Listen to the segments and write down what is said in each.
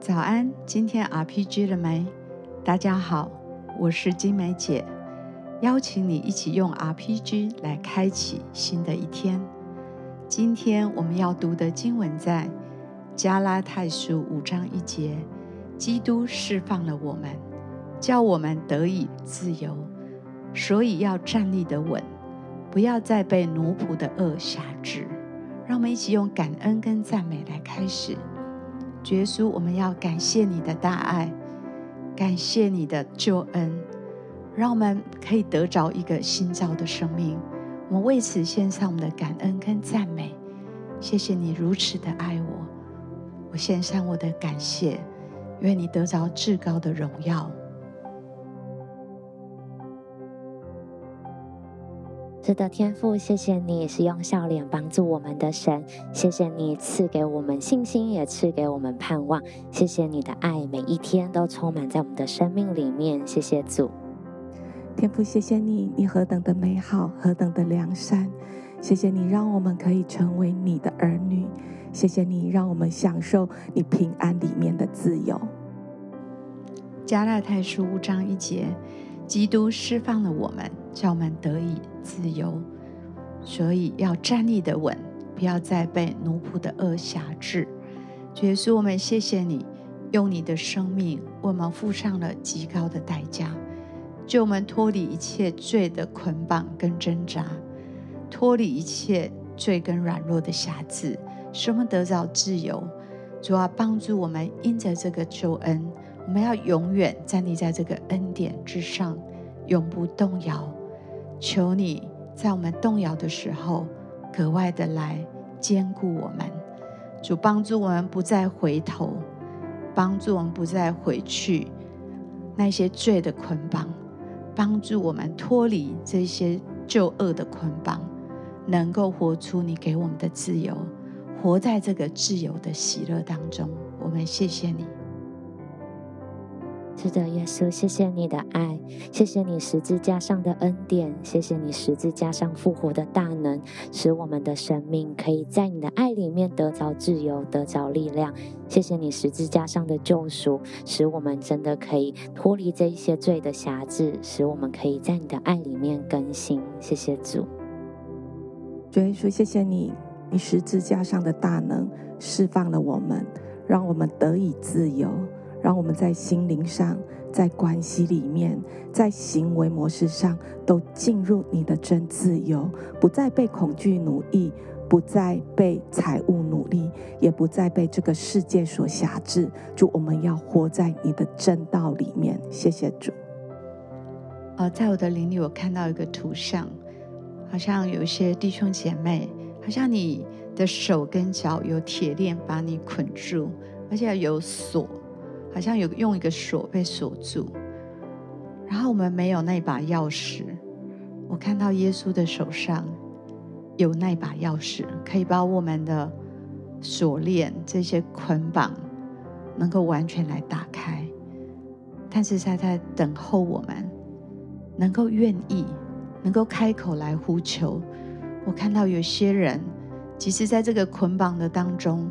早安，今天 RPG 了沒？大家好，我是晶玫姊，邀請你一起用 RPG 來開啟新的一天。今天我們要讀的經文在加拉太書五章一節，基督釋放了我們，叫我們得以自由，所以要站立得穩，不要再被奴僕的軛挾制。讓我們一起用感恩跟讚美來開始。耶穌，我們要感謝你的大愛，感謝你的救恩，讓我們可以得着一個新造的生命。我們為此獻上我們的感恩跟讚美，謝謝你如此的愛我。我獻上我的感謝，願你得着至高的榮耀。是的天父，謝謝你也是用笑臉幫助我們的神，謝謝你賜給我們信心，也賜給我們盼望。謝謝你的愛，每一天都充滿在我們的生命裡面。謝謝主，天父，謝謝你，你何等的美好，何等的良善。謝謝你讓我們可以成為你的兒女，謝謝你讓我們享受你平安裡面的自由。加拉太書五章一節，基督釋放了我們。叫我們得以自由，所以要站立得穩，不要再被奴僕的軛挾制。主耶穌，我們謝謝你，用你的生命為我們付上了極高的代價，救我們脫離一切罪的捆綁跟掙扎，脫離一切罪跟軟弱的挾制，使我們得到自由。主要幫助我們因着這個救恩，我們要永遠站立在這個恩典之上，永不動搖。求你在我們動搖的時候，格外的來堅固我們。主幫助我們不再回頭，幫助我們不再回去那些罪的捆綁，幫助我們脫離這些舊惡的捆綁，能夠活出你給我們的自由，活在這個自由的喜樂當中。我們謝謝你。是的，耶穌，謝謝你的愛，謝謝你十字架上的恩典，謝謝你十字架上復活的大能，使我們的生命可以在你的愛裡面得着自由，得着力量。謝謝你十字架上的救贖，使我們真的可以脫離這一些罪的轄制，使我們可以在你的愛裡面更新。謝謝主，主耶穌，謝謝你，你十字架上的大能釋放了我們，讓我們得以自由。讓我們在心靈上，在關係裡面，在行為模式上，都進入你的真自由，不再被恐懼奴役，不再被財務奴役，也不再被這個世界所挾制。主，我們要活在你的正道裡面。謝謝主。呃，在我的靈裡，我看到一個圖像，好像有一些弟兄姐妹，好像你的手跟腳有鐵鏈把你綑住，而且有鎖。好像有用一個鎖被鎖住，然後我們沒有那一把鑰匙。我看到耶穌的手上有那把鑰匙，可以把我們的鎖鏈這些捆綁能夠完全來打開。但是他在等候我們能夠願意，能夠開口來呼求。我看到有些人，其實在這個捆綁的當中，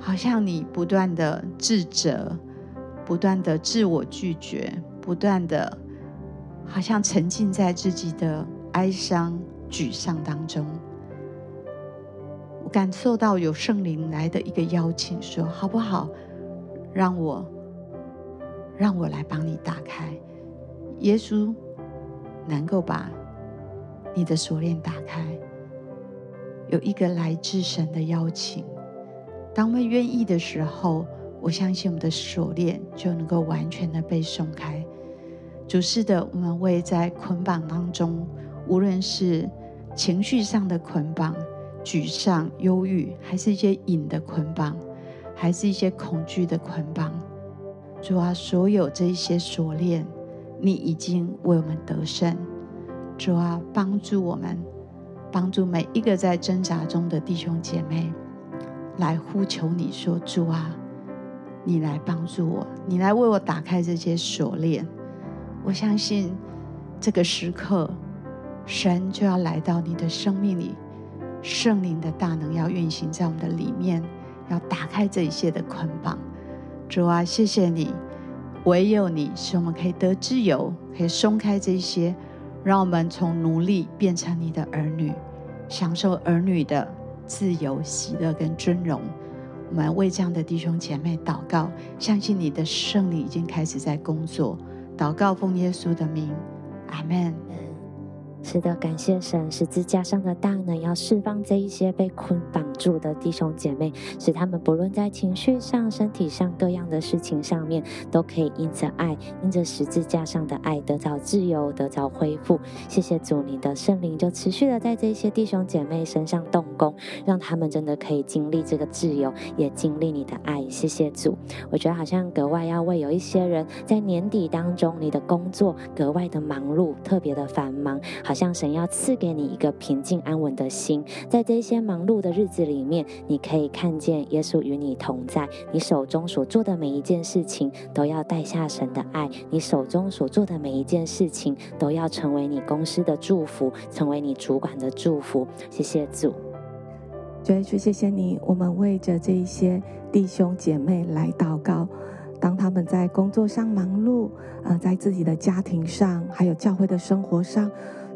好像你不斷的自責。不斷的自我拒絕，不斷的，好像沉浸在自己的哀傷、沮喪當中。我感受到有聖靈來的一個邀請，說：“好不好？讓我，讓我來幫你打開。耶穌能夠把你的鎖鏈打開，有一個來自神的邀請。當我們願意的時候。”我相信我們的鎖鏈就能夠完全的被鬆開。主是的，我們為在捆綁當中，無論是情緒上的捆綁、沮喪、憂鬱，還是一些癮的捆綁，還是一些恐懼的捆綁，主啊，所有這一些鎖鏈，你已經為我們得勝。主啊，幫助我們，幫助每一個在掙扎中的弟兄姐妹，來呼求你說，主啊。你來幫助我，你來為我打開這些鎖鏈。我相信這個時刻，神就要來到你的生命裡，聖靈的大能要運行在我們的裡面，要打開這一切的捆綁。主啊，謝謝你，唯有你使我們可以得自由，可以鬆開這些，讓我們從奴隸變成你的兒女，享受兒女的自由、喜樂跟尊榮。我們為這樣的弟兄姐妹禱告，相信你的聖靈已經開始在工作。禱告奉耶穌的名，阿門。是的，感謝神，十字架上的大能，要釋放這一些被捆綁住的弟兄姐妹，使他們不論在情緒上、身體上各樣的事情上面，都可以因着愛、因着十字架上的愛得到自由、得到恢復。謝謝主，你的聖靈就持續的在這些弟兄姐妹身上動工，讓他們真的可以經歷這個自由，也經歷你的愛。謝謝主，我覺得好像格外要為有一些人在年底當中，你的工作格外的忙碌，特別的繁忙，好，像神要賜給你一個平靜安穩的心，在這些忙碌的日子裡面，你可以看見耶穌與你同在。你手中所做的每一件事情，都要帶下神的愛；你手中所做的每一件事情，都要成為你公司的祝福，成為你主管的祝福。謝謝主，這一句，謝謝你。我們為着這一些弟兄姐妹來禱告，當他們在工作上忙碌，呃，在自己的家庭上，還有教會的生活上。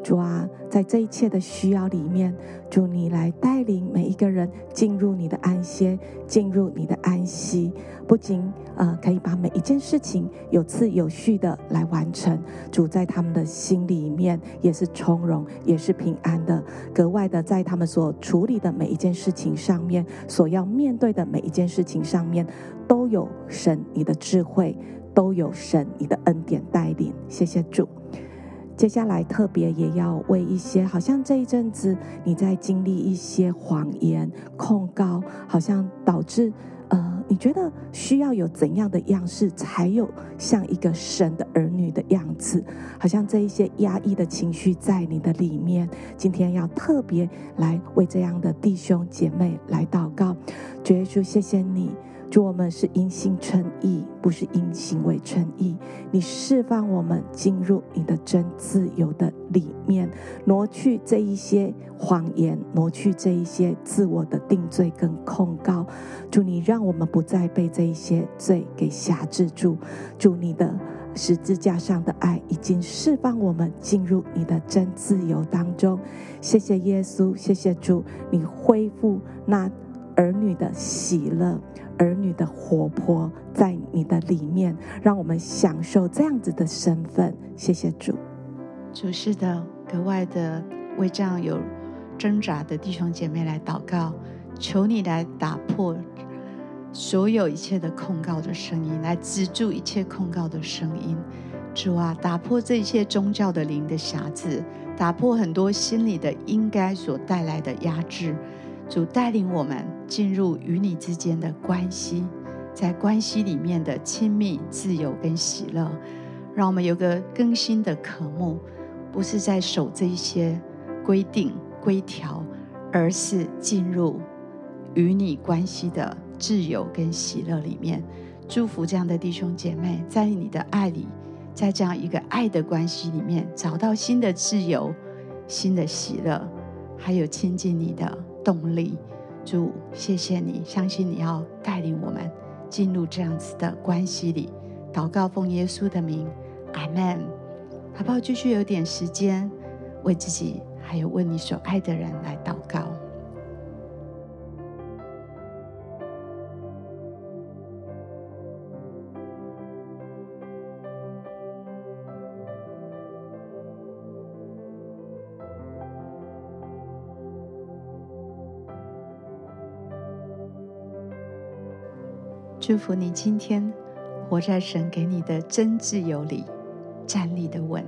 主啊，在這一切的需要裡面，主你來帶領每一個人進入你的安歇，進入你的安息。不僅呃可以把每一件事情有次有序的來完成。主在他們的心裡面也是從容，也是平安的。格外的，在他們所處理的每一件事情上面，所要面對的每一件事情上面，都有神你的智慧，都有神你的恩典帶領。謝謝主。接下來特別也要為一些，好像這一陣子你在經歷一些謊言控告，好像導致，呃，你覺得需要有怎樣的樣式，才有像一個神的兒女的樣子？好像這一些壓抑的情緒在你的裡面，今天要特別來為這樣的弟兄姐妹來禱告。主耶穌，謝謝你。主，我們是因信稱義，不是因行為稱義。你釋放我們進入你的真自由的裡面，挪去這一些謊言，挪去這一些自我的定罪跟控告。主，你讓我們不再被這一些罪給挾制住。主，你的十字架上的愛已經釋放我們進入你的真自由當中。謝謝耶穌，謝謝主，你恢復那兒女的喜樂，兒女的活潑在你的裡面，讓我們享受這樣子的身份。謝謝主，主是的，格外的為這樣有掙扎的弟兄姐妹來禱告，求你來打破所有一切的控告的聲音，來止住一切控告的聲音。主啊，打破這一切宗教的靈的匣子，打破很多心理的應該所帶來的壓制。主帶領我們進入與你之間的關係，在關係裡面的親密、自由跟喜樂，讓我們有個更新的渴慕，不是在守這一些規定規條，而是進入與你關係的自由跟喜樂裡面。祝福這樣的弟兄姐妹，在你的愛裡，在這樣一個愛的關係裡面，找到新的自由、新的喜樂，還有親近你的動力，主，謝謝你，相信你要帶領我們進入這樣子的關係裡。禱告，奉耶穌的名，阿門。好不好？繼續有點時間，為自己還有為你所愛的人來禱告。祝福你今天活在神給你的真自由裡，站立得穩。